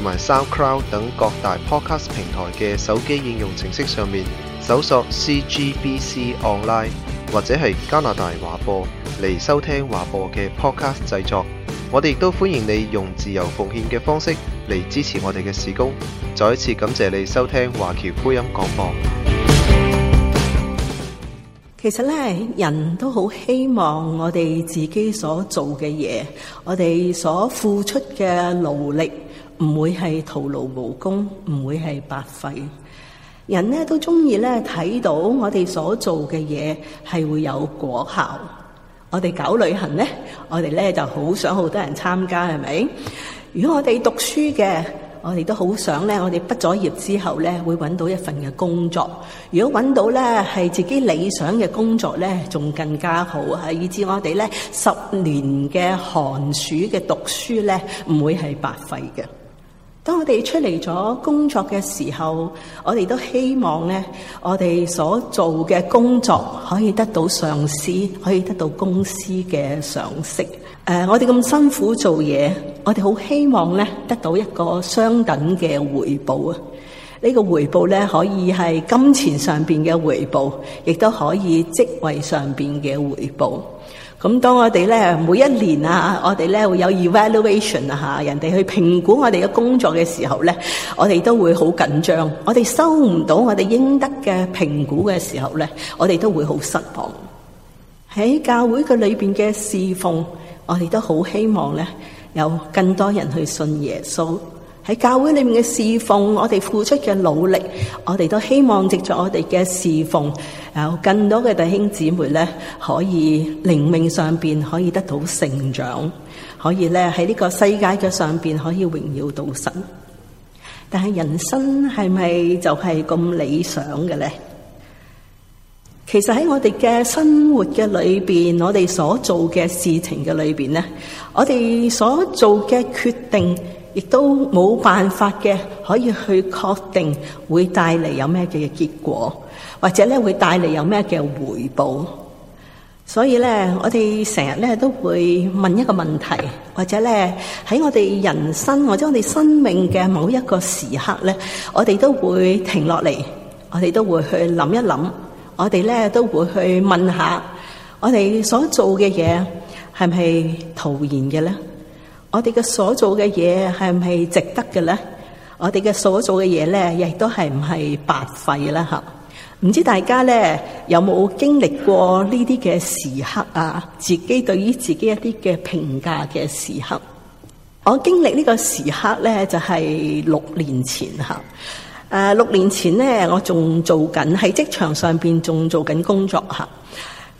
同埋 SoundCloud 等各大 Podcast 平台嘅手機應用程式上面搜索 CGBC Online 或者係加拿大華播嚟收聽華播嘅 Podcast 製作，我哋亦都歡迎你用自由奉獻嘅方式嚟支持我哋嘅事工。再一次感謝你收聽華僑福音廣播。其實咧，人都好希望我哋自己所做嘅嘢，我哋所付出嘅努力。唔會係徒勞無功，唔會係白費。人咧都中意咧睇到我哋所做嘅嘢係會有果效。我哋搞旅行咧，我哋咧就好想好多人參加，係咪？如果我哋讀書嘅，我哋都好想咧，我哋畢咗業之後咧會搵到一份嘅工作。如果搵到咧係自己理想嘅工作咧，仲更加好。係以至我哋咧十年嘅寒暑嘅讀書咧，唔會係白費嘅。當我哋出嚟咗工作嘅時候，我哋都希望咧，我哋所做嘅工作可以得到上司，可以得到公司嘅賞識。誒、呃，我哋咁辛苦做嘢，我哋好希望咧得到一個相等嘅回報啊！呢、呢個回報咧，可以係金錢上面嘅回報，亦都可以職位上面嘅回報。咁當我哋咧每一年啊，我哋咧會有 evaluation 啊嚇，人哋去評估我哋嘅工作嘅時候咧，我哋都會好緊張。我哋收唔到我哋應得嘅評估嘅時候咧，我哋都會好失望。喺教會嘅裏面嘅侍奉，我哋都好希望咧有更多人去信耶穌。喺教會裏面嘅侍奉，我哋付出嘅努力，我哋都希望藉着我哋嘅侍奉，有更多嘅弟兄姊妹咧，可以靈命上邊可以得到成長，可以咧喺呢個世界嘅上邊可以榮耀到神。但係人生係咪就係咁理想嘅咧？其實喺我哋嘅生活嘅裏邊，我哋所做嘅事情嘅裏邊咧，我哋所做嘅決定。亦都冇辦法嘅，可以去確定會帶嚟有咩嘅結果，或者咧會帶嚟有咩嘅回報。所以咧，我哋成日咧都會問一個問題，或者咧喺我哋人生或者我哋生命嘅某一個時刻咧，我哋都會停落嚟，我哋都會去諗一諗，我哋咧都會去問下，我哋所做嘅嘢係咪徒然嘅咧？我哋嘅所做嘅嘢係唔係值得嘅咧？我哋嘅所做嘅嘢咧，亦都係唔係白費啦，吓！唔知大家咧有冇經歷過呢啲嘅時刻啊？自己對於自己一啲嘅評價嘅時刻，我經歷呢個時刻咧就係六年前吓。誒，六年前咧我仲做緊喺職場上邊仲做緊工作吓。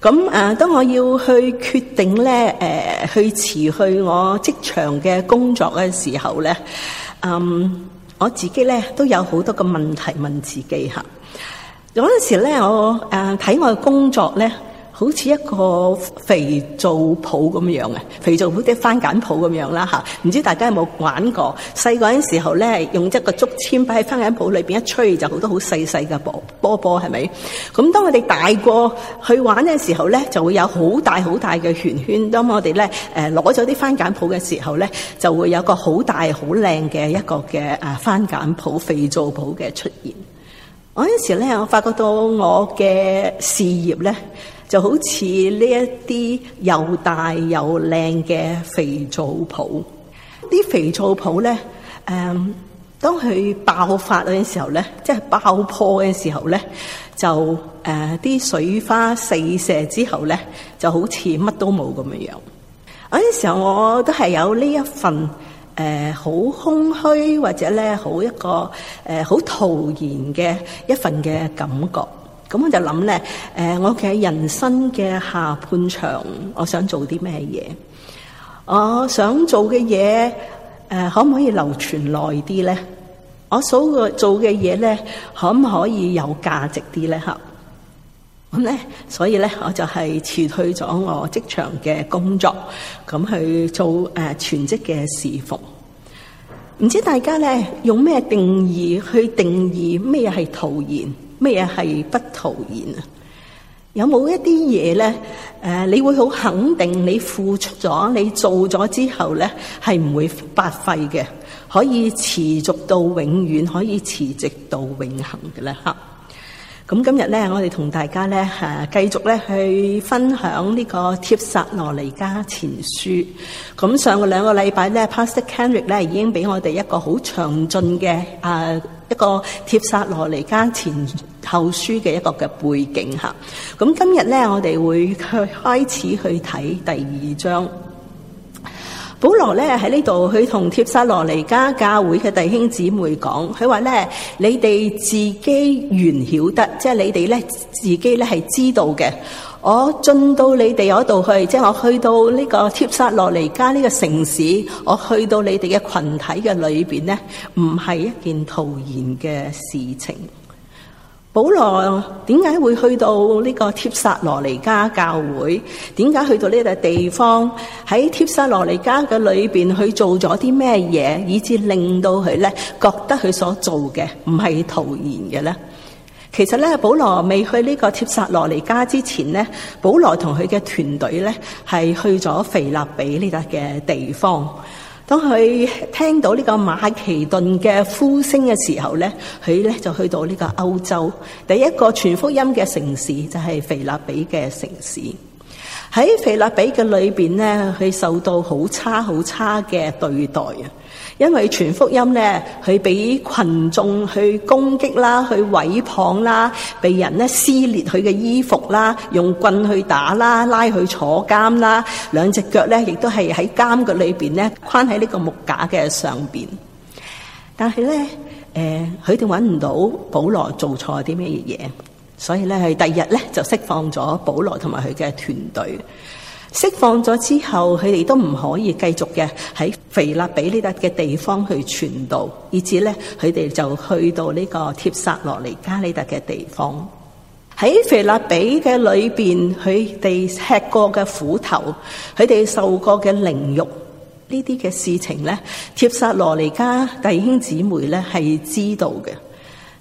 咁啊，當我要去決定咧、呃，去辭去我職場嘅工作嘅時候咧，嗯，我自己咧都有好多個問題問自己吓。嗰陣時咧，我、呃、睇我嘅工作咧，好似一個肥皂泡咁樣，肥皂泡啲番梘泡咁樣啦嚇，唔知大家有冇玩過？細個嘅時候咧，用一個竹籤擺喺番梘泡裏面，一吹，就好多好細細嘅波波，係咪？咁當我哋大過去玩嘅時候咧，就會有好大好大嘅圓圈，圈。當我哋咧攞咗啲番梘泡嘅時候咧，就會有個好大好靚嘅一個嘅番梘泡肥皂泡嘅出現。嗰陣時咧，我發覺到我嘅事業咧，就好似呢一啲又大又靚嘅肥皂泡，啲肥皂泡咧，誒，當佢爆發嗰陣時候咧，即係爆破嘅時候咧，就誒啲水花四射之後咧，就好似乜都冇咁嘅樣。嗰陣時候我都係有呢一份。誒，好、呃、空虛或者咧，好一個誒，好、呃、徒然嘅一份嘅感覺。咁我就諗咧，誒、呃，我企喺人生嘅下半場，我想做啲咩嘢？我想做嘅嘢，誒、呃，可唔可以流傳耐啲咧？我所做嘅嘢咧，可唔可以有價值啲咧？吓？咁咧，所以咧，我就係辭退咗我職場嘅工作，咁去做誒、呃、全職嘅侍奉。唔知大家咧用咩定義去定義咩係徒然，咩嘢係不徒然啊？有冇一啲嘢咧？誒、呃，你會好肯定你付出咗，你做咗之後咧，係唔會白費嘅，可以持續到永遠，可以持續到永恒嘅咧？吓！咁今日咧，我哋同大家咧，誒、啊、繼續咧去分享呢、這個帖撒羅尼迦前書。咁上個兩個禮拜咧，Pastor Henry 咧已經俾我哋一個好詳盡嘅一個帖撒羅尼迦前後書嘅一個嘅背景嚇。咁、啊、今日咧，我哋會去開始去睇第二章。保羅咧喺呢度，佢同帖撒羅尼迦教會嘅弟兄姊妹講，佢話咧：你哋自己原曉得，即係你哋咧自己咧係知道嘅。我進到你哋嗰度去，即係我去到呢個帖撒羅尼迦呢個城市，我去到你哋嘅群體嘅裏邊咧，唔係一件徒然嘅事情。保羅點解會去到呢個帖撒羅尼迦教會？點解去到呢笪地方？喺帖撒羅尼迦嘅裏邊佢做咗啲咩嘢，以致令到佢咧覺得佢所做嘅唔係徒然嘅咧？其實咧，保羅未去呢個帖撒羅尼迦之前咧，保羅同佢嘅團隊咧係去咗腓立比呢笪嘅地方。當佢聽到呢個馬其頓嘅呼聲嘅時候咧，佢咧就去到呢個歐洲第一個傳福音嘅城市就係、是、腓立比嘅城市。喺腓立比嘅裏邊咧，佢受到好差好差嘅對待啊！因為傳福音咧，佢俾群眾去攻擊啦，去毀謗啦，被人咧撕裂佢嘅衣服啦，用棍去打啦，拉去坐監啦，兩隻腳咧亦都係喺監獄裏邊咧，框喺呢個木架嘅上邊。但係咧，誒、呃，佢哋搵唔到保羅做錯啲咩嘢，所以咧佢第二日咧就釋放咗保羅同埋佢嘅團隊。釋放咗之後，佢哋都唔可以繼續嘅喺腓立比呢笪嘅地方去傳道，以至咧佢哋就去到呢個帖撒羅尼加呢笪嘅地方。喺腓立比嘅裏邊，佢哋吃過嘅苦頭，佢哋受過嘅凌辱，呢啲嘅事情咧，帖撒羅尼加弟兄姊妹咧係知道嘅。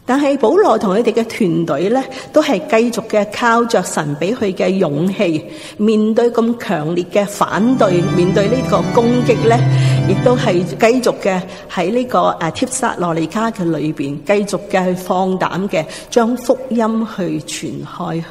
但係，保羅同佢哋嘅團隊呢，都係繼續嘅靠著神俾佢嘅勇氣，面對咁強烈嘅反對，面對呢個攻擊呢，亦都係繼續嘅喺呢個誒帖撒羅尼迦嘅裏邊，繼續嘅放膽嘅將福音去傳開去。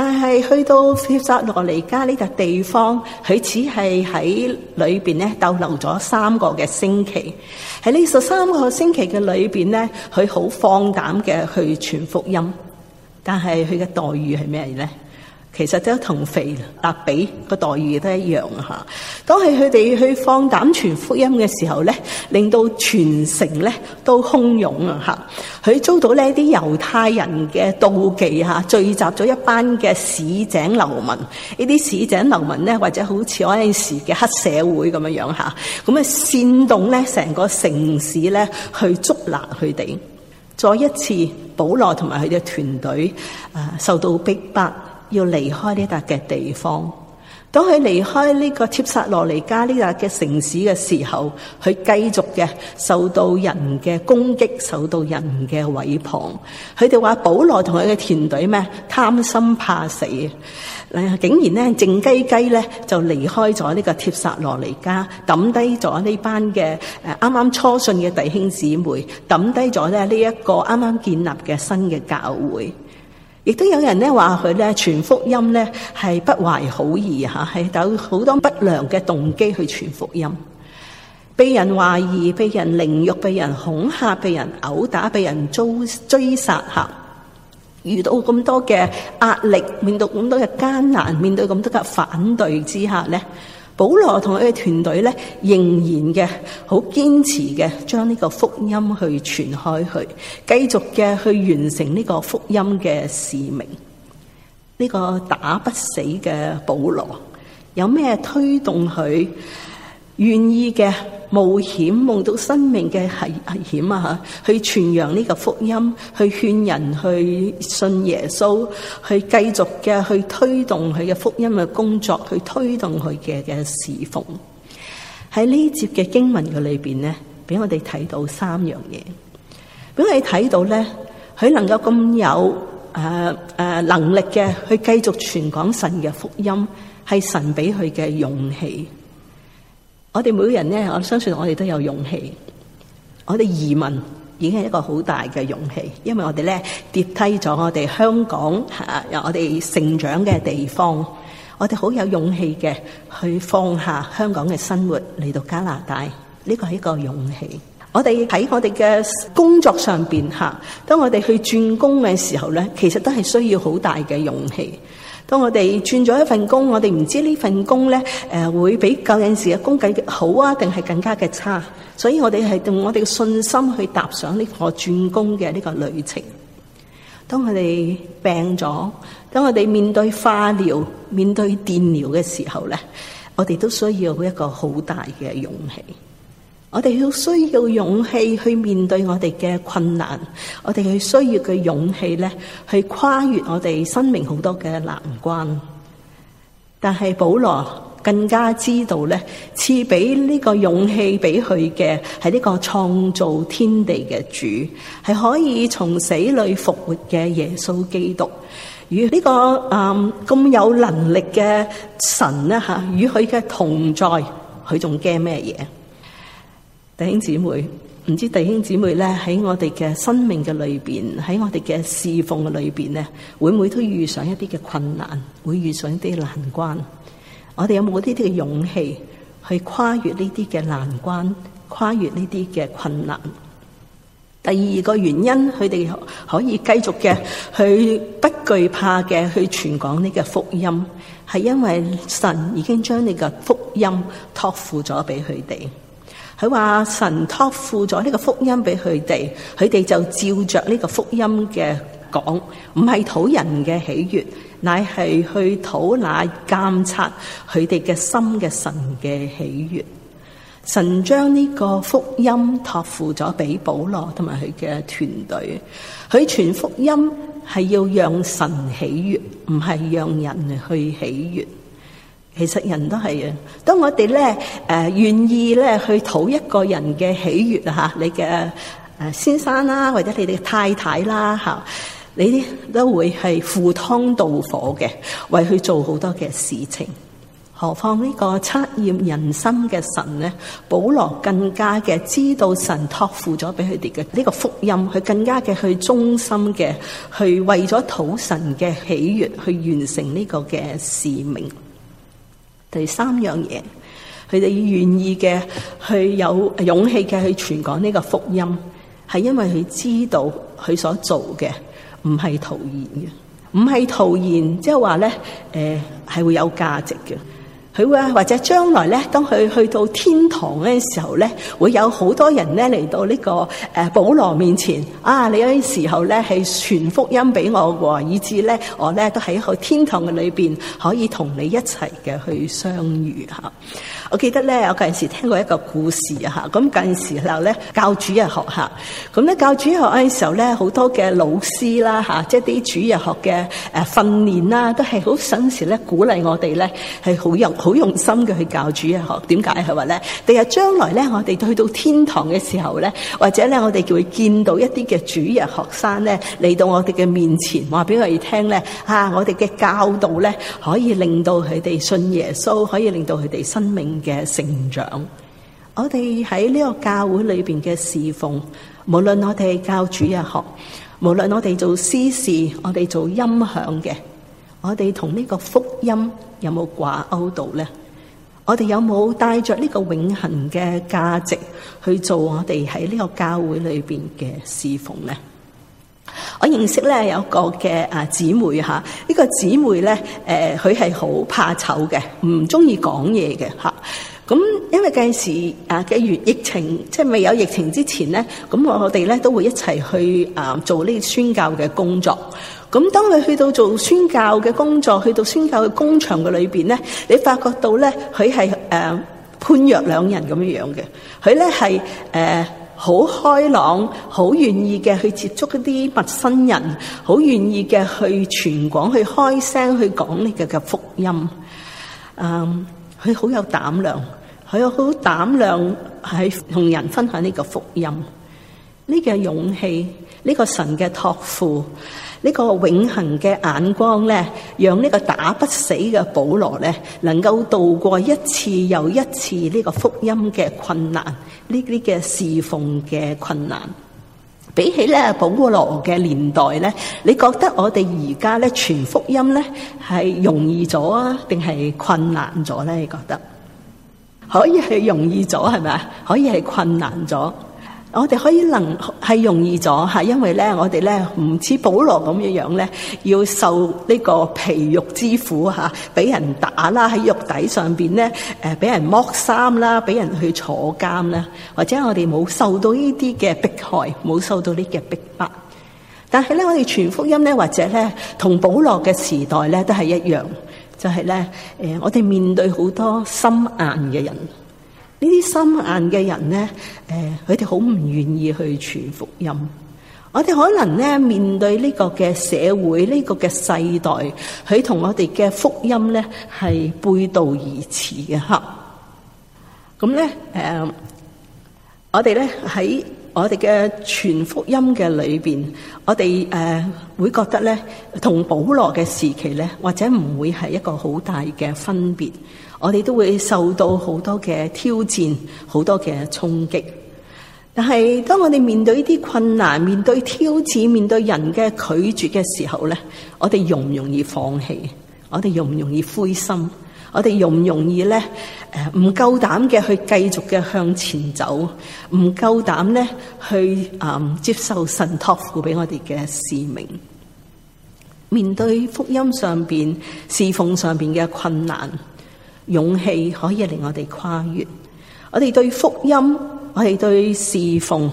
但係去到帖撒羅尼迦呢個地方，佢只係喺裏邊咧逗留咗三個嘅星期。喺呢十三個星期嘅裏邊，咧，佢好放膽嘅去傳福音。但係佢嘅待遇係咩咧？其實都同腓立比個待遇都一樣啊！嚇，當係佢哋去放膽傳福音嘅時候咧，令到全城咧都洶湧啊！嚇，佢遭到呢一啲猶太人嘅妒忌嚇，聚集咗一班嘅市井流民，呢啲市井流民咧，或者好似嗰陣時嘅黑社會咁樣樣嚇，咁啊煽動咧成個城市咧去捉拿佢哋。再一次，保羅同埋佢嘅團隊啊，受到逼迫。要離開呢笪嘅地方。當佢離開呢個帖撒羅尼迦呢笪嘅城市嘅時候，佢繼續嘅受到人嘅攻擊，受到人嘅毀謗。佢哋話保羅同佢嘅團隊咩貪心怕死，啊、竟然咧靜雞雞咧就離開咗呢個帖撒羅尼迦，抌低咗呢班嘅誒啱啱初信嘅弟兄姊妹，抌低咗咧呢一、這個啱啱建立嘅新嘅教會。亦都有人咧話佢咧傳福音咧係不懷好意吓，係有好多不良嘅動機去傳福音，被人懷疑、被人凌辱、被人恐吓、被人毆打、被人遭追殺吓，遇到咁多嘅壓力，面對咁多嘅艱難，面對咁多嘅反對之下咧。保羅同佢嘅團隊咧，仍然嘅好堅持嘅，將呢個福音去傳開去，繼續嘅去完成呢個福音嘅使命。呢個打不死嘅保羅，有咩推動佢？願意嘅冒險，冒到生命嘅危危險啊！吓，去傳揚呢個福音，去勸人去信耶穌，去繼續嘅去推動佢嘅福音嘅工作，去推動佢嘅嘅事奉。喺呢節嘅經文嘅裏邊咧，俾我哋睇到三樣嘢。俾我哋睇到咧，佢能夠咁有誒誒能力嘅去繼續傳講神嘅福音，係神俾佢嘅勇氣。我哋每個人咧，我相信我哋都有勇氣。我哋移民已經係一個好大嘅勇氣，因為我哋咧跌低咗我哋香港吓，有我哋成長嘅地方，我哋好有勇氣嘅去放下香港嘅生活嚟到加拿大，呢個係一個勇氣。我哋喺我哋嘅工作上邊吓，當我哋去轉工嘅時候咧，其實都係需要好大嘅勇氣。當我哋轉咗一份工，我哋唔知呢份工咧，誒，會比舊陣時嘅工計好啊，定係更加嘅差。所以我哋係用我哋嘅信心去踏上呢個轉工嘅呢個旅程。當我哋病咗，當我哋面對化療、面對電療嘅時候咧，我哋都需要一個好大嘅勇氣。我哋要需要勇氣去面對我哋嘅困難，我哋去需要嘅勇氣咧，去跨越我哋生命好多嘅難關。但係保羅更加知道咧，賜俾呢個勇氣俾佢嘅係呢個創造天地嘅主，係可以從死裏復活嘅耶穌基督。與呢個誒咁有能力嘅神咧吓，與佢嘅同在，佢仲驚咩嘢？弟兄姊妹，唔知弟兄姊妹咧，喺我哋嘅生命嘅裏邊，喺我哋嘅侍奉嘅裏邊咧，會唔會都遇上一啲嘅困難，會遇上一啲難關？我哋有冇呢啲嘅勇氣去跨越呢啲嘅難關，跨越呢啲嘅困難？第二個原因，佢哋可以繼續嘅去不懼怕嘅去傳講呢個福音，係因為神已經將呢個福音託付咗俾佢哋。佢話神託付咗呢個福音俾佢哋，佢哋就照著呢個福音嘅講，唔係討人嘅喜悦，乃係去討那監察佢哋嘅心嘅神嘅喜悦。神將呢個福音託付咗俾保羅同埋佢嘅團隊，佢傳福音係要讓神喜悦，唔係讓人去喜悦。其實人都係啊，當我哋咧誒願意咧去討一個人嘅喜悦吓、啊，你嘅誒、呃、先生啦，或者你哋太太啦吓、啊，你都會係赴湯蹈火嘅，為佢做好多嘅事情。何況呢個測驗人心嘅神咧，保羅更加嘅知道神託付咗俾佢哋嘅呢個福音，佢更加嘅去忠心嘅去為咗討神嘅喜悦去完成呢個嘅使命。第三樣嘢，佢哋願意嘅，去有勇氣嘅去傳講呢個福音，係因為佢知道佢所做嘅唔係徒然嘅，唔係徒然，即係話咧，誒、就是，係、呃、會有價值嘅。佢啊，或者將來咧，當佢去到天堂嘅時候咧，會有好多人咧嚟到呢、這個誒、呃、保羅面前啊！你嗰陣時候咧係傳福音俾我喎、哦，以致咧我咧都喺個天堂嘅裏邊可以同你一齊嘅去相遇吓、啊，我記得咧，我嗰陣時聽過一個故事嚇。咁嗰陣時候咧，教主日學嚇，咁、啊、咧教主日學嗰陣時候咧，好多嘅老師啦吓、啊、即係啲主日學嘅誒訓練啦、啊，都係好省時咧鼓勵我哋咧係好有。好用心嘅去教主日學，點解係話咧？第日將來咧，我哋去到天堂嘅時候咧，或者咧，我哋就會見到一啲嘅主日學生咧嚟到我哋嘅面前，話俾我哋聽咧，啊，我哋嘅教導咧，可以令到佢哋信耶穌，可以令到佢哋生命嘅成長。我哋喺呢個教會裏邊嘅侍奉，無論我哋教主日學，無論我哋做詩事，我哋做音響嘅。我哋同呢個福音有冇掛鈎到咧？我哋有冇帶着呢個永恒嘅價值去做我哋喺呢個教會裏邊嘅侍奉咧？我認識咧有一個嘅啊姊妹吓，啊這個、姐妹呢個姊妹咧，誒、呃，佢係好怕醜嘅，唔中意講嘢嘅吓。咁、啊、因為嗰陣時啊嘅疫疫情，即係未有疫情之前咧，咁我我哋咧都會一齊去啊做呢啲宣教嘅工作。咁當你去到做宣教嘅工作，去到宣教嘅工場嘅裏面，咧，你發覺到咧，佢係誒判若兩人咁樣嘅。佢咧係誒好開朗，好願意嘅去接觸一啲陌生人，好願意嘅去傳講去開聲去講呢個嘅福音。嗯，佢好有膽量，佢有好膽量喺同人分享呢個福音。呢個勇氣，呢個神嘅託付。呢個永恒嘅眼光咧，讓呢個打不死嘅保羅咧，能夠度過一次又一次呢個福音嘅困難，呢啲嘅侍奉嘅困難。比起咧保羅嘅年代咧，你覺得我哋而家咧傳福音咧係容易咗啊，定係困難咗咧？你覺得可以係容易咗係咪啊？可以係困難咗？我哋可以能係容易咗吓，因為咧我哋咧唔似保羅咁嘅樣咧，要受呢個皮肉之苦吓，俾人打啦，喺肉體上邊咧，誒、呃、俾人剝衫啦，俾人去坐監啦，或者我哋冇受到呢啲嘅迫害，冇受到呢嘅逼迫。但係咧，我哋傳福音咧，或者咧，同保羅嘅時代咧都係一樣，就係、是、咧，誒、呃、我哋面對好多心硬嘅人。呢啲心硬嘅人咧，誒，佢哋好唔願意去傳福音。我哋可能咧面對呢個嘅社會，呢個嘅世代，佢同我哋嘅福音咧係背道而馳嘅嚇。咁咧，誒，我哋咧喺我哋嘅傳福音嘅裏邊，我哋誒會覺得咧，同保羅嘅時期咧，或者唔會係一個好大嘅分別。我哋都會受到好多嘅挑戰，好多嘅衝擊。但係當我哋面對呢啲困難、面對挑戰、面對人嘅拒絕嘅時候咧，我哋容唔容易放棄？我哋容唔容易灰心？我哋容唔容易咧？誒，唔夠膽嘅去繼續嘅向前走，唔夠膽咧去誒接受神託付俾我哋嘅使命。面對福音上面、侍奉上面嘅困難。勇氣可以令我哋跨越。我哋對福音，我哋對侍奉，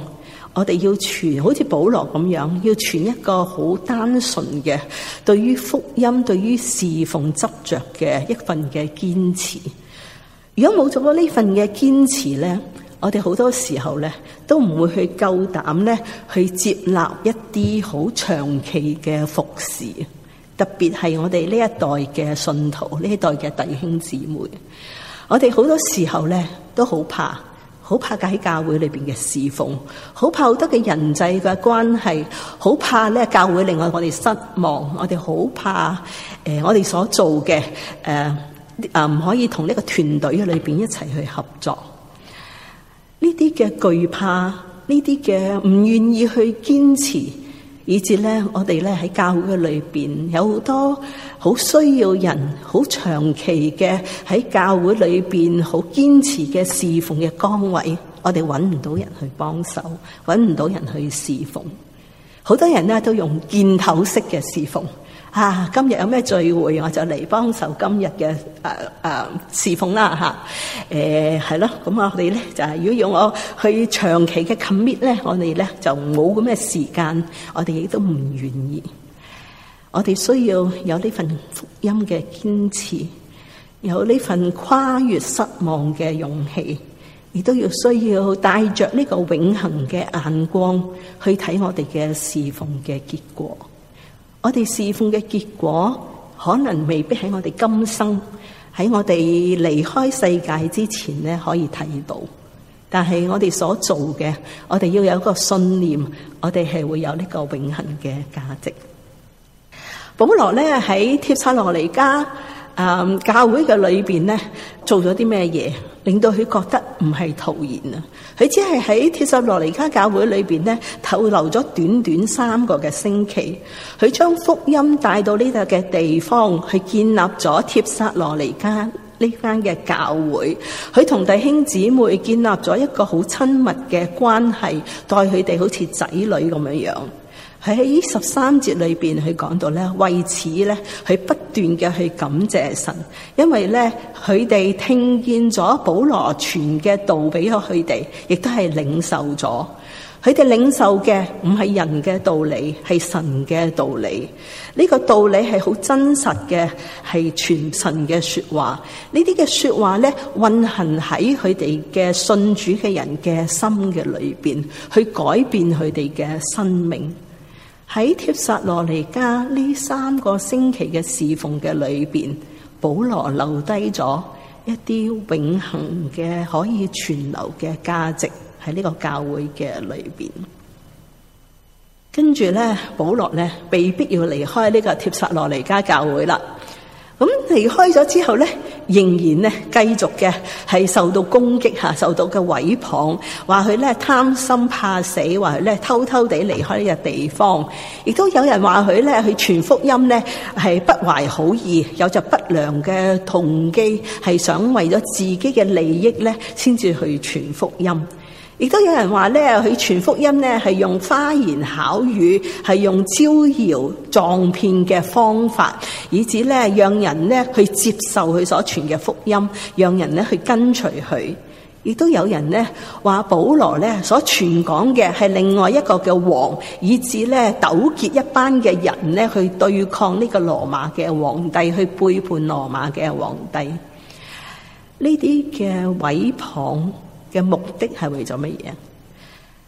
我哋要傳，好似保羅咁樣，要傳一個好單純嘅，對於福音、對於侍奉執着嘅一份嘅堅持。如果冇咗呢份嘅堅持咧，我哋好多時候咧都唔會去夠膽咧去接納一啲好長期嘅服侍。特別係我哋呢一代嘅信徒，呢一代嘅弟兄姊妹，我哋好多時候咧都好怕，好怕喺教會裏邊嘅侍奉，好怕好多嘅人際嘅關係，好怕咧教會令我我哋失望，我哋好怕誒我哋所做嘅誒啊唔可以同呢個團隊裏邊一齊去合作。呢啲嘅懼怕，呢啲嘅唔願意去堅持。以至呢，我哋咧喺教會裏邊有好多好需要人，好長期嘅喺教會裏邊好堅持嘅侍奉嘅崗位，我哋揾唔到人去幫手，揾唔到人去侍奉。好多人咧都用箭頭式嘅侍奉。啊！今日有咩聚會，我就嚟幫手今日嘅誒誒侍奉啦嚇。誒係咯，咁我哋咧就係如果要用我去長期嘅 commit 咧，我哋咧就冇咁嘅時間，我哋亦都唔願意。我哋需要有呢份福音嘅堅持，有呢份跨越失望嘅勇氣，亦都要需要帶着呢個永恆嘅眼光去睇我哋嘅侍奉嘅結果。我哋侍奉嘅結果，可能未必喺我哋今生喺我哋離開世界之前咧可以睇到，但係我哋所做嘅，我哋要有一個信念，我哋係會有呢個永恆嘅價值。保羅咧喺帖撒羅尼加誒、嗯、教會嘅裏邊咧做咗啲咩嘢？令到佢覺得唔係徒然啊！佢只係喺帖撒羅尼迦教會裏面咧逗留咗短短三個嘅星期，佢將福音帶到呢度嘅地方，去建立咗帖撒羅尼迦呢間嘅教會。佢同弟兄姊妹建立咗一個好親密嘅關係，待佢哋好似仔女咁樣。佢喺十三節裏邊，佢講到咧，為此咧，佢不斷嘅去感謝神，因為咧，佢哋聽見咗保羅傳嘅道俾咗佢哋，亦都係領受咗。佢哋領受嘅唔係人嘅道理，係神嘅道理。呢個道理係好真實嘅，係全神嘅說話。呢啲嘅說話咧，運行喺佢哋嘅信主嘅人嘅心嘅裏邊，去改變佢哋嘅生命。喺帖撒羅尼加呢三個星期嘅侍奉嘅裏邊，保羅留低咗一啲永恒嘅可以存留嘅價值喺呢個教會嘅裏邊。跟住咧，保羅咧被迫要離開呢個帖撒羅尼加教會啦。咁離開咗之後咧，仍然咧繼續嘅係受到攻擊嚇，受到嘅毀謗，話佢咧貪生怕死，話佢咧偷偷地離開呢個地方，亦都有人話佢咧去傳福音咧係不懷好意，有着不良嘅動機，係想為咗自己嘅利益咧先至去傳福音。亦都有人話咧，佢傳福音咧係用花言巧語，係用招搖撞騙嘅方法，以至咧讓人咧去接受佢所傳嘅福音，讓人咧去跟隨佢。亦都有人咧話保羅咧所傳講嘅係另外一個嘅王，以至咧糾結一班嘅人咧去對抗呢個羅馬嘅皇帝，去背叛羅馬嘅皇帝。呢啲嘅毀謗。嘅目的係為咗乜嘢？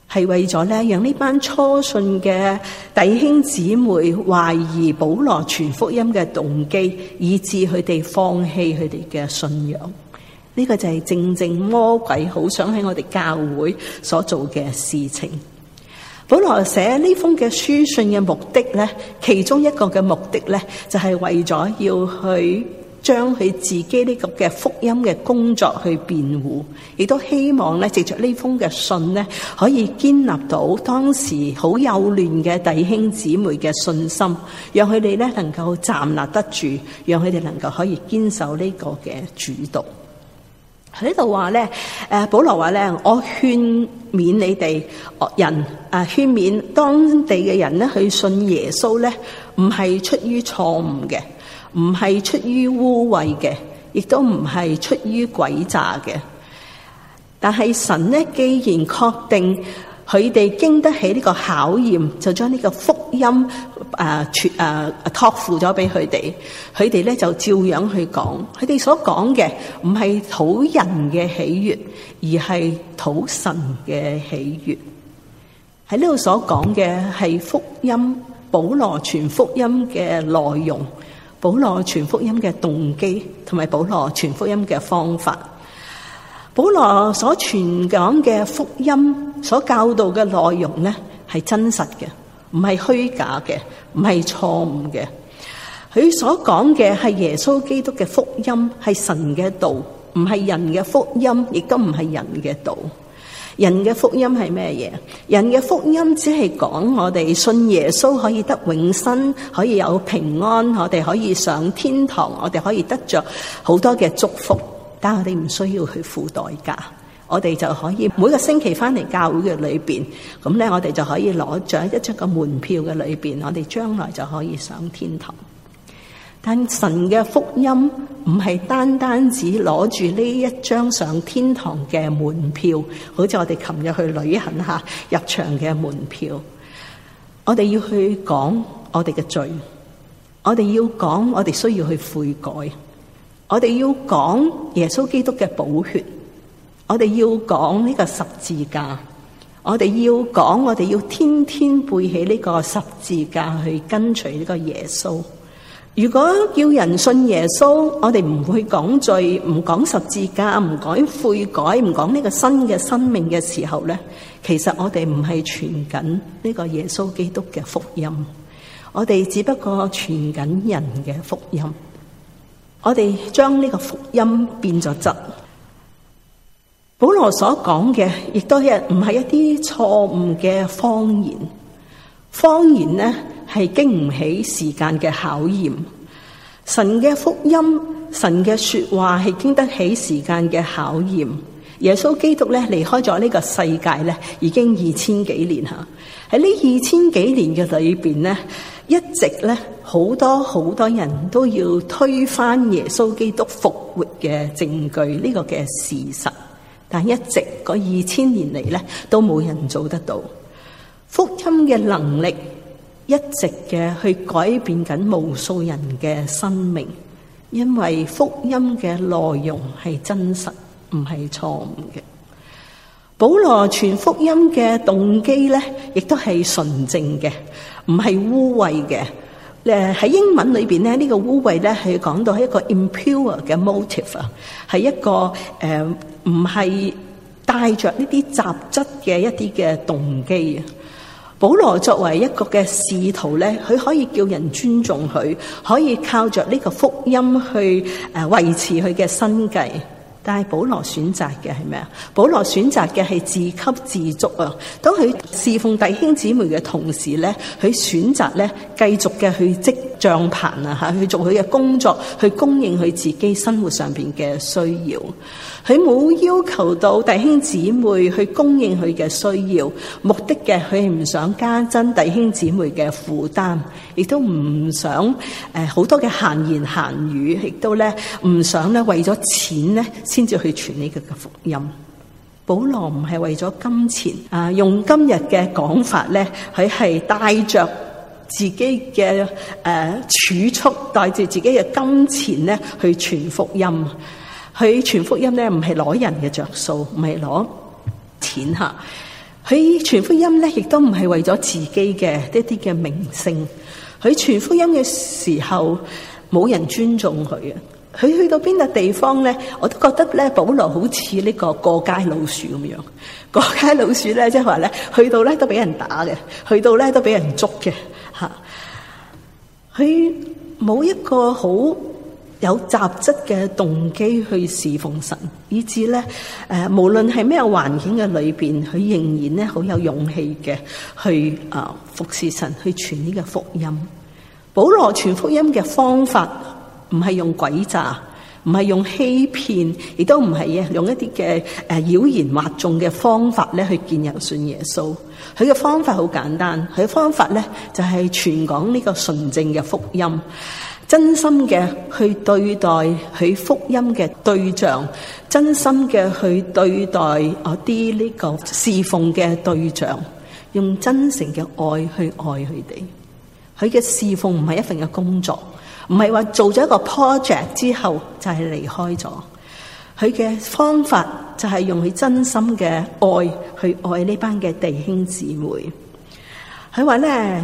係為咗咧，讓呢班初信嘅弟兄姊妹懷疑保羅傳福音嘅動機，以致佢哋放棄佢哋嘅信仰。呢個就係正正魔鬼好想喺我哋教會所做嘅事情。保羅寫呢封嘅書信嘅目的咧，其中一個嘅目的咧，就係為咗要去。將佢自己呢個嘅福音嘅工作去辯護，亦都希望咧藉着呢封嘅信咧，可以建立到當時好幼嫩嘅弟兄姊妹嘅信心，讓佢哋咧能夠站立得住，讓佢哋能夠可以堅守呢個嘅主道。喺度話咧，誒，保羅話咧，我勸勉你哋人啊，勸勉當地嘅人咧去信耶穌咧，唔係出於錯誤嘅。唔係出於污穢嘅，亦都唔係出於詭詐嘅。但係神呢，既然確定佢哋經得起呢個考驗，就將呢個福音誒傳誒託付咗俾佢哋。佢哋咧就照樣去講，佢哋所講嘅唔係討人嘅喜悅，而係討神嘅喜悅。喺呢度所講嘅係福音，保羅傳福音嘅內容。保羅傳福音嘅動機同埋保羅傳福音嘅方法，保羅所傳講嘅福音，所教導嘅內容咧，係真實嘅，唔係虛假嘅，唔係錯誤嘅。佢所講嘅係耶穌基督嘅福音，係神嘅道，唔係人嘅福音，亦都唔係人嘅道。人嘅福音係咩嘢？人嘅福音只係講我哋信耶穌可以得永生，可以有平安，我哋可以上天堂，我哋可以得着好多嘅祝福，但係我哋唔需要去付代價，我哋就可以每個星期翻嚟教會嘅裏邊，咁咧我哋就可以攞咗一張個門票嘅裏邊，我哋將來就可以上天堂。但神嘅福音唔係單單只攞住呢一張上天堂嘅門票，好似我哋琴日去旅行吓入場嘅門票。我哋要去講我哋嘅罪，我哋要講我哋需要去悔改，我哋要講耶穌基督嘅寶血，我哋要講呢個十字架，我哋要講我哋要天天背起呢個十字架去跟隨呢個耶穌。如果叫人信耶穌，我哋唔會講罪，唔講十字架，唔講悔改，唔講呢個新嘅生命嘅時候咧，其實我哋唔係傳緊呢個耶穌基督嘅福音，我哋只不過傳緊人嘅福音，我哋將呢個福音變咗質。保羅所講嘅，亦都係唔係一啲錯誤嘅謊言。謊言呢，係經唔起時間嘅考驗，神嘅福音、神嘅說話係經得起時間嘅考驗。耶穌基督咧離開咗呢個世界咧，已經二千幾年吓。喺呢二千幾年嘅裏邊呢，一直咧好多好多人都要推翻耶穌基督復活嘅證據呢個嘅事實，但一直個二千年嚟咧都冇人做得到。福音嘅能力一直嘅去改變緊無數人嘅生命，因為福音嘅內容係真實，唔係錯誤嘅。保羅傳福音嘅動機咧，亦都係純正嘅，唔係污穢嘅。誒喺英文裏邊咧，呢個污穢咧係講到係一個 impure 嘅 motive 啊，係一個誒，唔係帶着呢啲雜質嘅一啲嘅動機啊。保羅作為一個嘅使徒咧，佢可以叫人尊重佢，可以靠着呢個福音去誒維持佢嘅生計。但係保羅選擇嘅係咩啊？保羅選擇嘅係自給自足啊！當佢侍奉弟兄姊妹嘅同時咧，佢選擇咧繼續嘅去織帳棚啊吓，去做佢嘅工作去供應佢自己生活上面嘅需要。佢冇要求到弟兄姊妹去供應佢嘅需要，目的嘅佢唔想加增弟兄姊妹嘅負擔，亦都唔想誒，好多嘅閒言閒語，亦都咧唔想咧為咗錢咧先至去傳呢個福音。保羅唔係為咗金錢啊，用今日嘅講法咧，佢係帶着自己嘅誒儲蓄，帶住自己嘅金錢咧去傳福音。佢傳福音咧，唔係攞人嘅着數，唔係攞錢嚇。佢傳福音咧，亦都唔係為咗自己嘅一啲嘅名聲。佢傳福音嘅時候，冇人尊重佢啊！佢去到邊個地方咧，我都覺得咧，保羅好似呢個過街老鼠咁樣。過街老鼠咧，即係話咧，去到咧都俾人打嘅，去到咧都俾人捉嘅嚇。佢冇一個好。有雜質嘅動機去侍奉神，以致咧誒，無論係咩環境嘅裏邊，佢仍然咧好有勇氣嘅去啊服侍神，去傳呢個福音。保羅傳福音嘅方法唔係用詭詐。唔係用欺騙，亦都唔係啊用一啲嘅誒，妖言惑眾嘅方法咧去見人信耶穌。佢嘅方法好簡單，佢嘅方法咧就係傳講呢個純正嘅福音，真心嘅去對待佢福音嘅對象，真心嘅去對待我啲呢個侍奉嘅對象，用真誠嘅愛去愛佢哋。佢嘅侍奉唔係一份嘅工作。唔係話做咗一個 project 之後就係、是、離開咗。佢嘅方法就係用佢真心嘅愛去愛呢班嘅弟兄姊妹。佢話咧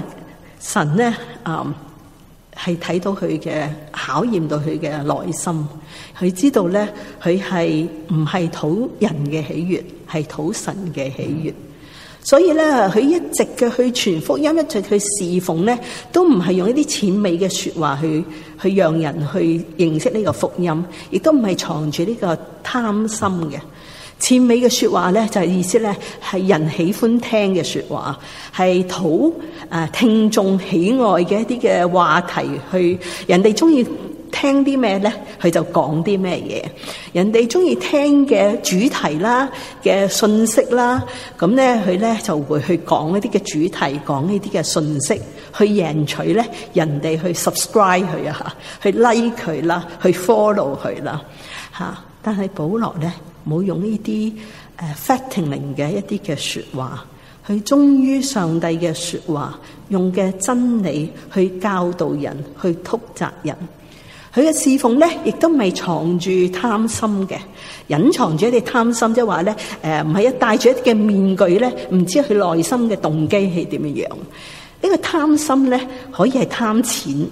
神咧，啊、嗯，係睇到佢嘅，考驗到佢嘅內心，佢知道咧佢係唔係討人嘅喜悅，係討神嘅喜悅。所以咧，佢一直嘅去傳福音，一直去侍奉咧，都唔係用一啲諂媚嘅說話去去讓人去認識呢個福音，亦都唔係藏住呢個貪心嘅諂媚嘅說話咧，就係、是、意思咧係人喜歡聽嘅說話，係討啊聽眾喜愛嘅一啲嘅話題去，人哋中意。聽啲咩咧，佢就講啲咩嘢。人哋中意聽嘅主題啦，嘅信息啦，咁咧佢咧就會去講一啲嘅主題，講呢啲嘅信息去贏取咧人哋去 subscribe 佢啊，去 like 佢啦，去 follow 佢啦吓。但係保羅咧冇用呢啲誒 flattering 嘅一啲嘅說話，佢忠於上帝嘅說話，用嘅真理去教導人，去督責人。佢嘅侍奉咧，亦都未藏住貪心嘅，隱藏住一啲貪心，即係話咧，唔係一戴住一啲嘅面具咧，唔知佢內心嘅動機係點樣，這個、貪呢個貪心咧，可以係貪錢，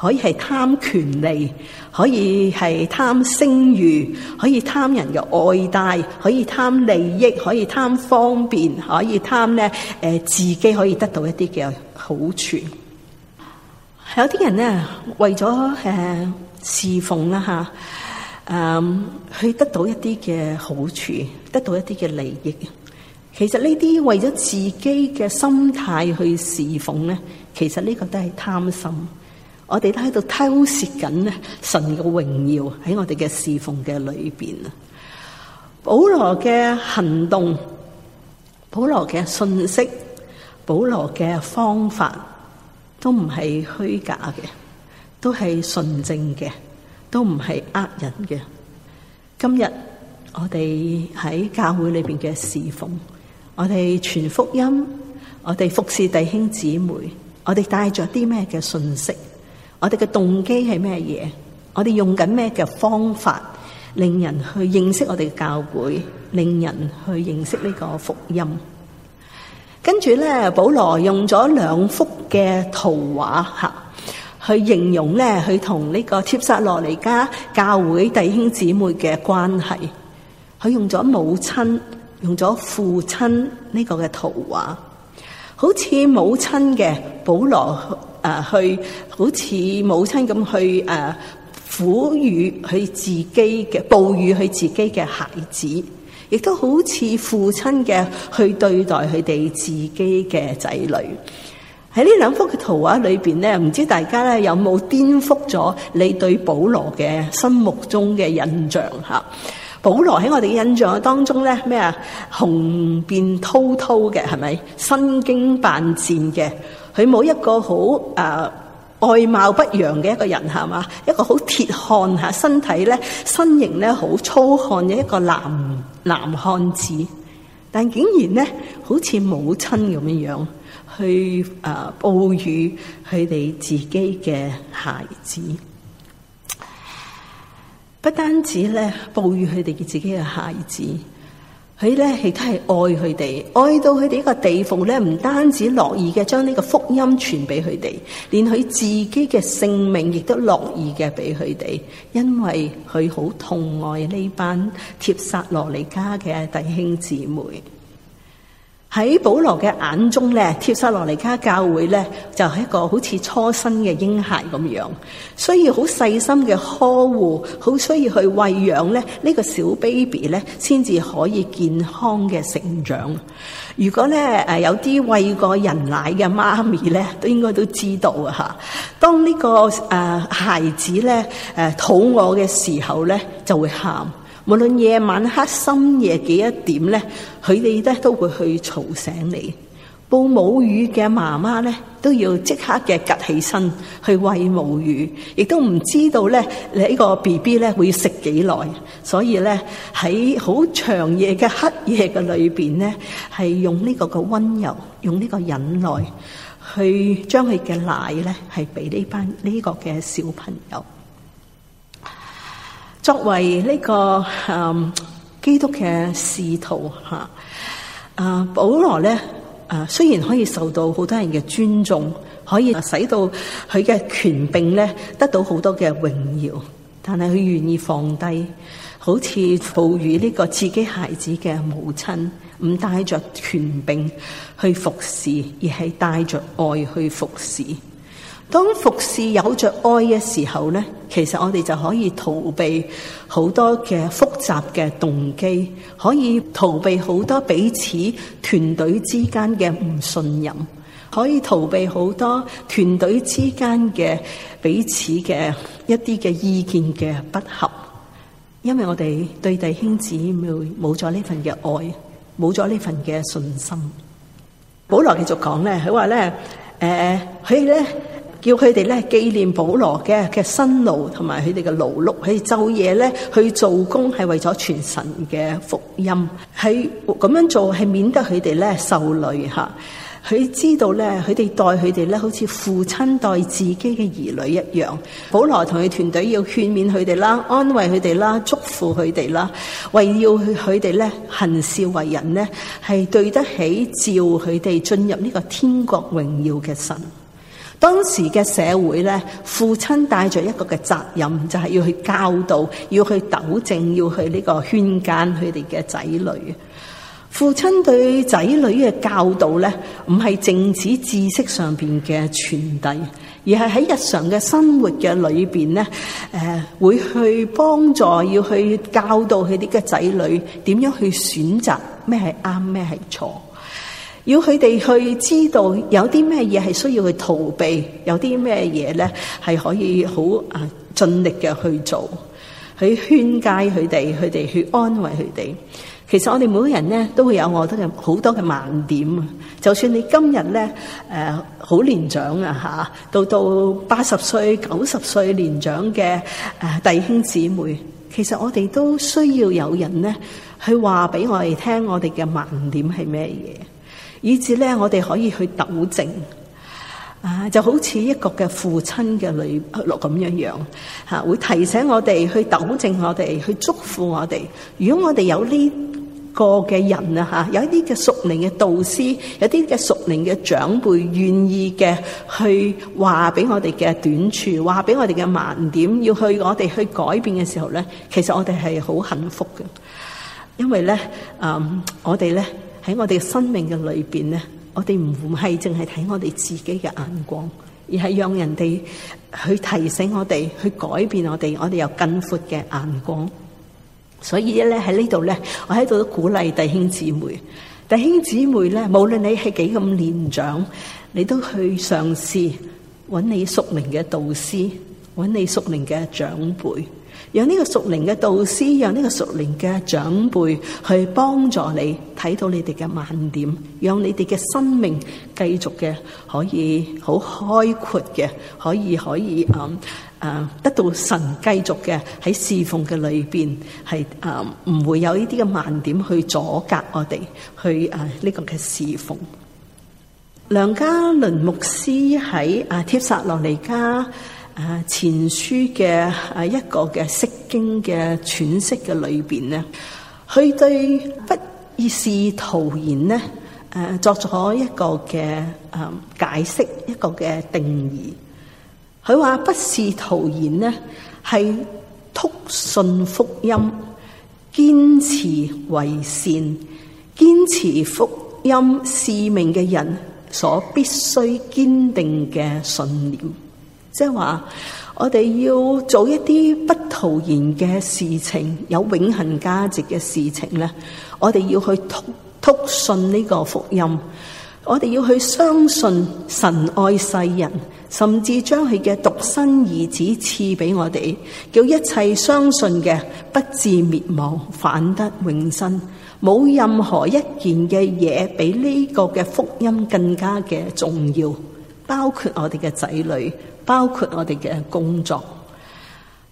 可以係貪權利，可以係貪聲譽，可以貪人嘅愛戴，可以貪利益，可以貪方便，可以貪咧、呃、自己可以得到一啲嘅好處。有啲人咧為咗誒、呃、侍奉啦吓，誒、啊、去、嗯、得到一啲嘅好處，得到一啲嘅利益。其實呢啲為咗自己嘅心態去侍奉咧，其實呢個都係貪心。我哋都喺度偷竊緊咧神嘅榮耀喺我哋嘅侍奉嘅裏邊啊！保羅嘅行動，保羅嘅信息，保羅嘅方法。都唔係虛假嘅，都係純正嘅，都唔係呃人嘅。今日我哋喺教會裏邊嘅侍奉，我哋傳福音，我哋服侍弟兄姊妹，我哋帶著啲咩嘅訊息，我哋嘅動機係咩嘢？我哋用緊咩嘅方法，令人去認識我哋嘅教會，令人去認識呢個福音。跟住咧，保羅用咗兩幅嘅圖畫吓、啊，去形容咧，佢同呢個帖撒羅尼加教會弟兄姊妹嘅關係。佢用咗母親，用咗父親呢個嘅圖畫，好似母親嘅保羅，誒、啊啊、去好似母親咁去誒撫育佢自己嘅，哺育佢自己嘅孩子。亦都好似父親嘅去對待佢哋自己嘅仔女，喺呢兩幅嘅圖畫裏面，咧，唔知大家咧有冇顛覆咗你對保羅嘅心目中嘅印象嚇？保羅喺我哋嘅印象當中咧，咩啊，雄辯滔滔嘅係咪？身經百戰嘅，佢冇一個好啊。呃外貌不揚嘅一個人係嘛，一個好鐵漢吓，身體咧身形咧好粗漢嘅一個男男漢子，但竟然咧好似母親咁樣樣去誒哺乳佢哋自己嘅孩子，不單止咧哺乳佢哋嘅自己嘅孩子。佢咧，亦都係愛佢哋，愛到佢哋呢個地步咧，唔單止樂意嘅將呢個福音傳俾佢哋，連佢自己嘅性命亦都樂意嘅俾佢哋，因為佢好痛愛呢班帖撒羅尼迦嘅弟兄姊妹。喺保羅嘅眼中咧，帖撒羅尼迦教會咧就係一個好似初生嘅嬰孩咁樣，需要好細心嘅呵護，好需要去餵養咧呢個小 baby 咧，先至可以健康嘅成長。如果咧誒，有啲餵過人奶嘅媽咪咧，都應該都知道啊。吓，當呢個誒孩子咧誒肚餓嘅時候咧，就會喊。無論夜晚黑深夜幾一點咧，佢哋咧，都會去嘈醒你。哺母乳嘅媽媽咧，都要即刻嘅趷起身去喂母乳，亦都唔知道咧，你呢個 BB 咧會食幾耐，所以咧喺好長夜嘅黑夜嘅裏邊咧，係用呢個嘅溫柔，用呢個忍耐，去將佢嘅奶咧係俾呢班呢個嘅小朋友。作為呢、這個、嗯、基督嘅使徒吓，啊保羅咧啊雖然可以受到好多人嘅尊重，可以使到佢嘅權柄咧得到好多嘅榮耀，但係佢願意放低，好似哺乳呢個自己孩子嘅母親，唔、嗯、帶着權柄去服侍，而係帶着愛去服侍。當服侍有著愛嘅時候咧，其實我哋就可以逃避好多嘅複雜嘅動機，可以逃避好多彼此團隊之間嘅唔信任，可以逃避好多團隊之間嘅彼此嘅一啲嘅意見嘅不合，因為我哋對弟兄姊妹冇咗呢份嘅愛，冇咗呢份嘅信心。保羅繼續講咧，佢話咧，誒、呃，佢咧。叫佢哋咧紀念保羅嘅嘅辛勞同埋佢哋嘅勞碌，佢晝夜咧去做工，係為咗傳神嘅福音。喺咁樣做，係免得佢哋咧受累吓。佢知道咧，佢哋待佢哋咧，好似父親待自己嘅兒女一樣。保羅同佢團隊要勸勉佢哋啦，安慰佢哋啦，祝福佢哋啦，為要佢哋咧行事為人咧，係對得起召佢哋進入呢個天國榮耀嘅神。當時嘅社會咧，父親帶着一個嘅責任，就係、是、要去教導，要去糾正、要去呢個勸諫佢哋嘅仔女。父親對仔女嘅教導咧，唔係靜止知識上邊嘅傳遞，而係喺日常嘅生活嘅裏邊咧，誒、呃、會去幫助、要去教導佢哋嘅仔女點樣去選擇咩係啱、咩係錯。要佢哋去知道有啲咩嘢係需要去逃避，有啲咩嘢咧係可以好啊盡力嘅去做，去勸誡佢哋，佢哋去安慰佢哋。其實我哋每個人咧都會有我都有好多嘅盲點啊！就算你今日咧誒好年長啊吓，到到八十歲、九十歲年長嘅誒弟兄姊妹，其實我哋都需要有人咧去話俾我哋聽，我哋嘅盲點係咩嘢？以至咧，我哋可以去糾正啊，就好似一個嘅父親嘅女落咁樣樣吓，會提醒我哋去糾正我哋，去祝福我哋。如果我哋有呢個嘅人啊吓，有一啲嘅屬靈嘅導師，有啲嘅屬靈嘅長輩，願意嘅去話俾我哋嘅短處，話俾我哋嘅盲點，要去我哋去改變嘅時候咧，其實我哋係好幸福嘅，因為咧，嗯，我哋咧。喺我哋生命嘅裏邊咧，我哋唔係淨係睇我哋自己嘅眼光，而係讓人哋去提醒我哋，去改變我哋，我哋有更闊嘅眼光。所以咧，喺呢度咧，我喺度都鼓勵弟兄姊妹，弟兄姊妹咧，無論你係幾咁年長，你都去嘗試揾你屬靈嘅導師，揾你屬靈嘅長輩。讓呢個屬靈嘅導師，讓呢個屬靈嘅長輩去幫助你睇到你哋嘅盲點，讓你哋嘅生命繼續嘅可以好開闊嘅，可以可以啊啊、嗯嗯、得到神繼續嘅喺侍奉嘅裏邊係啊唔會有呢啲嘅盲點去阻隔我哋去啊呢、嗯這個嘅侍奉。梁家麟牧師喺啊帖撒羅尼迦。啊，前書嘅啊一個嘅釋經嘅詮釋嘅裏邊呢，佢對不是徒然呢，誒作咗一個嘅誒解釋，一個嘅定義。佢話不是徒然呢，係篤信福音、堅持為善、堅持福音使命嘅人所必須堅定嘅信念。即係話，我哋要做一啲不徒然嘅事情，有永恆價值嘅事情咧。我哋要去篤信呢個福音，我哋要去相信神愛世人，甚至將佢嘅獨生兒子賜俾我哋，叫一切相信嘅不致滅亡，反得永生。冇任何一件嘅嘢比呢個嘅福音更加嘅重要，包括我哋嘅仔女。包括我哋嘅工作，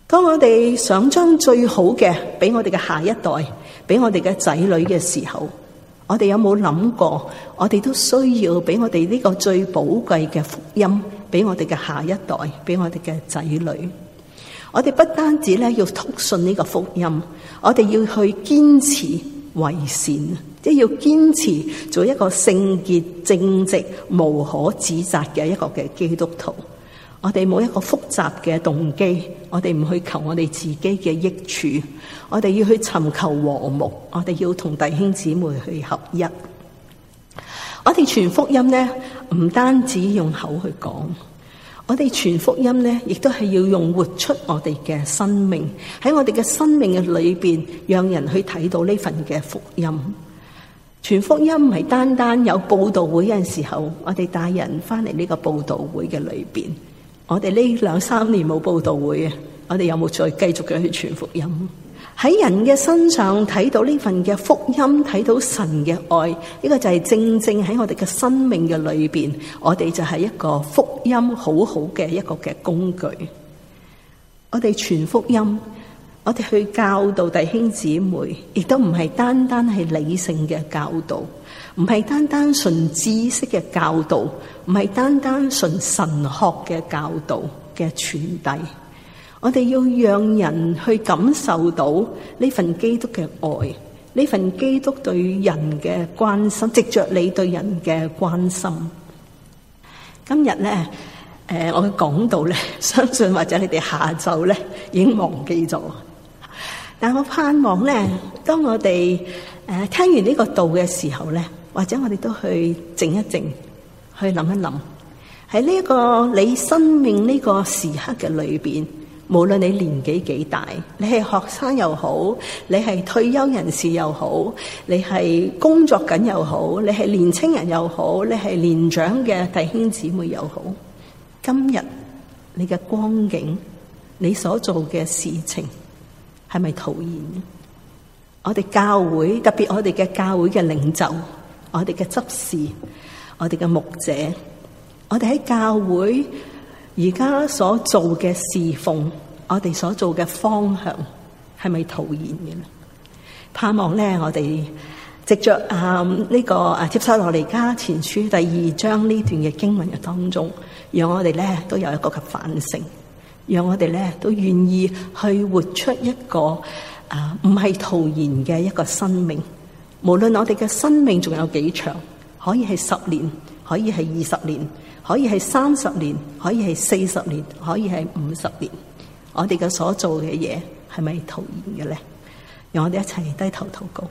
當我哋想將最好嘅俾我哋嘅下一代，俾我哋嘅仔女嘅時候，我哋有冇諗過？我哋都需要俾我哋呢個最寶貴嘅福音俾我哋嘅下一代，俾我哋嘅仔女。我哋不單止咧要篤信呢個福音，我哋要去堅持為善，即係要堅持做一個聖潔、正直、無可指責嘅一個嘅基督徒。我哋冇一個複雜嘅動機，我哋唔去求我哋自己嘅益處，我哋要去尋求和睦，我哋要同弟兄姊妹去合一。我哋傳福音呢，唔單止用口去講，我哋傳福音呢，亦都係要用活出我哋嘅生命，喺我哋嘅生命嘅裏邊，讓人去睇到呢份嘅福音。傳福音唔係單單有佈道會，有陣時候我哋帶人返嚟呢個佈道會嘅裏邊。我哋呢兩三年冇報道會，我哋有冇再繼續嘅去傳福音？喺人嘅身上睇到呢份嘅福音，睇到神嘅愛，呢個就係正正喺我哋嘅生命嘅裏邊，我哋就係一個福音好好嘅一個嘅工具。我哋傳福音，我哋去教導弟兄姊妹，亦都唔係單單係理性嘅教導，唔係單單純知識嘅教導。唔係單單純神學嘅教導嘅傳遞，我哋要讓人去感受到呢份基督嘅愛，呢份基督對人嘅關心，藉着你對人嘅關心。今日咧，誒，我嘅講到咧，相信或者你哋下晝咧已經忘記咗，但我盼望咧，當我哋誒聽完呢個道嘅時候咧，或者我哋都去靜一靜。去諗一諗，喺呢個你生命呢個時刻嘅裏邊，無論你年紀幾大，你係學生又好，你係退休人士又好，你係工作緊又好，你係年青人又好，你係年長嘅弟兄姊妹又好，今日你嘅光景，你所做嘅事情係咪徒然？我哋教會，特別我哋嘅教會嘅領袖，我哋嘅執事。我哋嘅牧者，我哋喺教會而家所做嘅侍奉，我哋所做嘅方向係咪徒然嘅？盼望咧，我哋藉著啊呢個啊帖撒羅尼迦前書第二章呢段嘅經文嘅當中，讓我哋咧都有一個嘅反省，讓我哋咧都願意去活出一個啊唔係徒然嘅一個生命。無論我哋嘅生命仲有幾長。可以係十年，可以係二十年，可以係三十年，可以係四十年，可以係五十年。我哋嘅所做嘅嘢係咪徒然嘅咧？讓我哋一齊低頭禱告。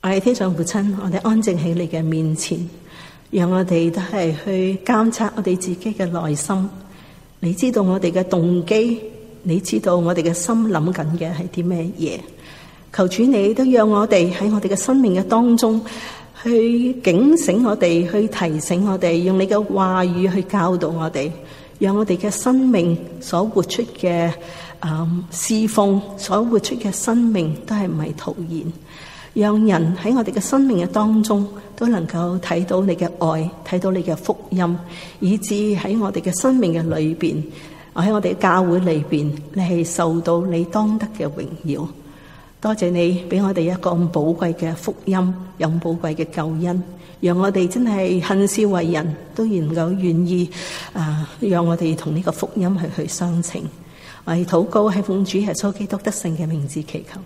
我哋天上父親，我哋安靜喺你嘅面前，讓我哋都係去監察我哋自己嘅內心。你知道我哋嘅動機，你知道我哋嘅心諗緊嘅係啲咩嘢？求主你都讓我哋喺我哋嘅生命嘅當中，去警醒我哋，去提醒我哋，用你嘅話語去教導我哋，讓我哋嘅生命所活出嘅誒侍奉，所活出嘅生命都係唔係徒然，讓人喺我哋嘅生命嘅當中都能夠睇到你嘅愛，睇到你嘅福音，以至喺我哋嘅生命嘅裏邊，我喺我哋教會裏邊，你係受到你當得嘅榮耀。多謝你畀我哋一個咁寶貴的福音，有寶貴的救恩，讓我們真係恨事為人，都能夠願意啊，讓我們同這個福音去去相稱，為禱告喺奉主耶穌基督得勝的名字祈求。